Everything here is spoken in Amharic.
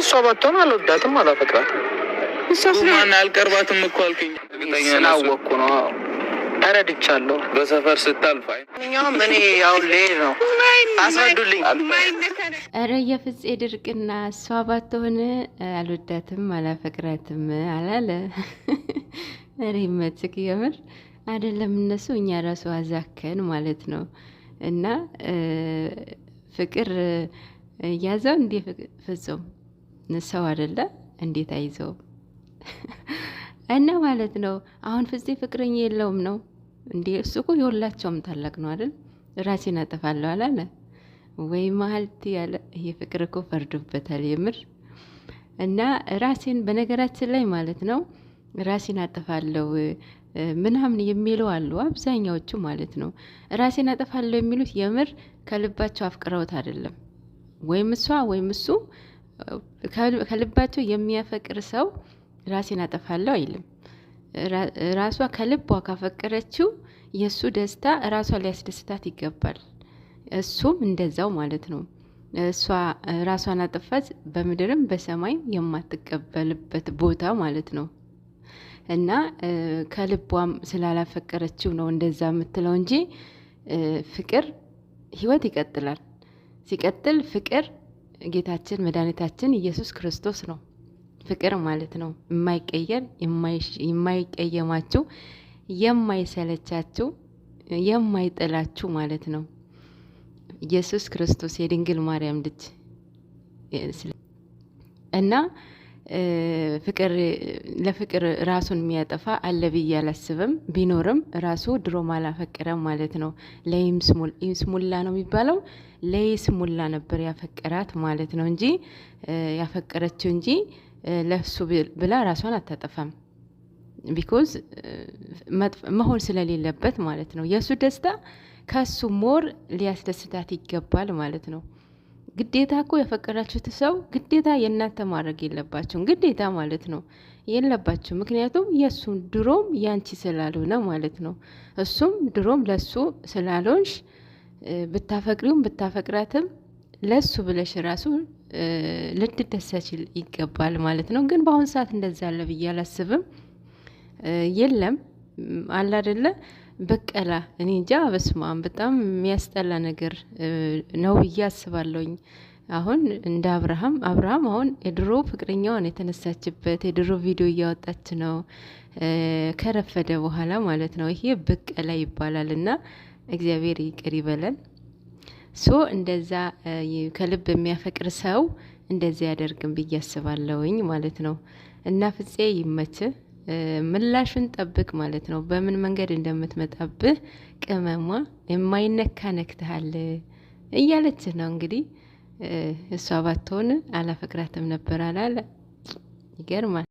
እሷ ባትሆን አልወዳትም፣ አላፈቅራትም። ማን አልቀርባትም እኮ አልኩኝ። ስላወቅኩ ነው ተረድቻለሁ። በሰፈር ስታልፍ እኛም እኔ አሁን ልሄድ ነው አስረዱልኝ። ኧረ የፍጼ ድርቅና እሷ ባትሆን አልወዳትም፣ አላፈቅራትም አላለ። ኧረ ይመችክ የምር አይደለም እነሱ እኛ ራሱ አዛከን ማለት ነው። እና ፍቅር ያዘው እንዲህ ፍጹም ሰው አደለ እንዴት አይዘውም? እና ማለት ነው አሁን ፍዜ ፍቅረኛ የለውም ነው እንዴ? እሱ እኮ የሁላቸውም ታላቅ ነው አይደል? ራሴን አጠፋለሁ አላለ ወይ ማህልት ያለ ይሄ ፍቅር እኮ ፈርዶበታል የምር። እና ራሴን በነገራችን ላይ ማለት ነው ራሴን አጠፋለሁ ምናምን የሚለው አሉ አብዛኛዎቹ ማለት ነው። ራሴን አጠፋለሁ የሚሉት የምር ከልባቸው አፍቅረውት አይደለም ወይም እሷ ወይም እሱ ከልባቸው የሚያፈቅር ሰው ራሴን አጠፋለሁ አይልም። ራሷ ከልቧ ካፈቀረችው የእሱ ደስታ ራሷ ሊያስደስታት ይገባል። እሱም እንደዛው ማለት ነው። እሷ ራሷን አጠፋት በምድርም በሰማይም የማትቀበልበት ቦታ ማለት ነው። እና ከልቧም ስላላፈቀረችው ነው እንደዛ የምትለው እንጂ ፍቅር ህይወት ይቀጥላል። ሲቀጥል ፍቅር ጌታችን መድኃኒታችን ኢየሱስ ክርስቶስ ነው። ፍቅር ማለት ነው። የማይቀየር የማይቀየማችሁ፣ የማይሰለቻችሁ፣ የማይጥላችሁ ማለት ነው። ኢየሱስ ክርስቶስ የድንግል ማርያም ልጅ እና ፍቅር ለፍቅር ራሱን የሚያጠፋ አለ ብዬ አላስብም። ቢኖርም ራሱ ድሮ አላፈቀረም ማለት ነው። ለይስሙላ ነው የሚባለው። ለይስሙላ ነበር ያፈቀራት ማለት ነው እንጂ ያፈቀረችው እንጂ ለሱ ብላ ራሷን አታጠፋም። ቢኮዝ መሆን ስለሌለበት ማለት ነው። የእሱ ደስታ ከሱ ሞር ሊያስደስታት ይገባል ማለት ነው። ግዴታ እኮ ያፈቀዳችሁት ሰው ግዴታ የእናንተ ማድረግ የለባችሁም። ግዴታ ማለት ነው የለባችሁ። ምክንያቱም የእሱም ድሮም ያንቺ ስላልሆነ ማለት ነው። እሱም ድሮም ለሱ ስላልሆንሽ ብታፈቅሪውም ብታፈቅራትም ለሱ ብለሽ ራሱ ልትደሰች ይገባል ማለት ነው። ግን በአሁኑ ሰዓት እንደዛ አለ ብዬ አላስብም። የለም አለ አይደለ በቀላ እኔ እንጃ በስማም በጣም የሚያስጠላ ነገር ነው ብዬ አስባለሁኝ። አሁን እንደ አብርሃም አብርሃም አሁን የድሮ ፍቅረኛዋን የተነሳችበት የድሮ ቪዲዮ እያወጣች ነው ከረፈደ በኋላ ማለት ነው። ይሄ በቀላ ይባላል እና እግዚአብሔር ይቅር ይበለን። ሶ እንደዛ ከልብ የሚያፈቅር ሰው እንደዚህ ያደርግም ብዬ አስባለሁኝ ማለት ነው። እና ፍፄ ይመችህ። ምላሹን ጠብቅ ማለት ነው። በምን መንገድ እንደምትመጣብህ ቅመሟ የማይነካ ነክትሃል እያለች ነው እንግዲህ። እሷ ባትሆን አላፈቅራትም ነበር አላለ። ይገርማል።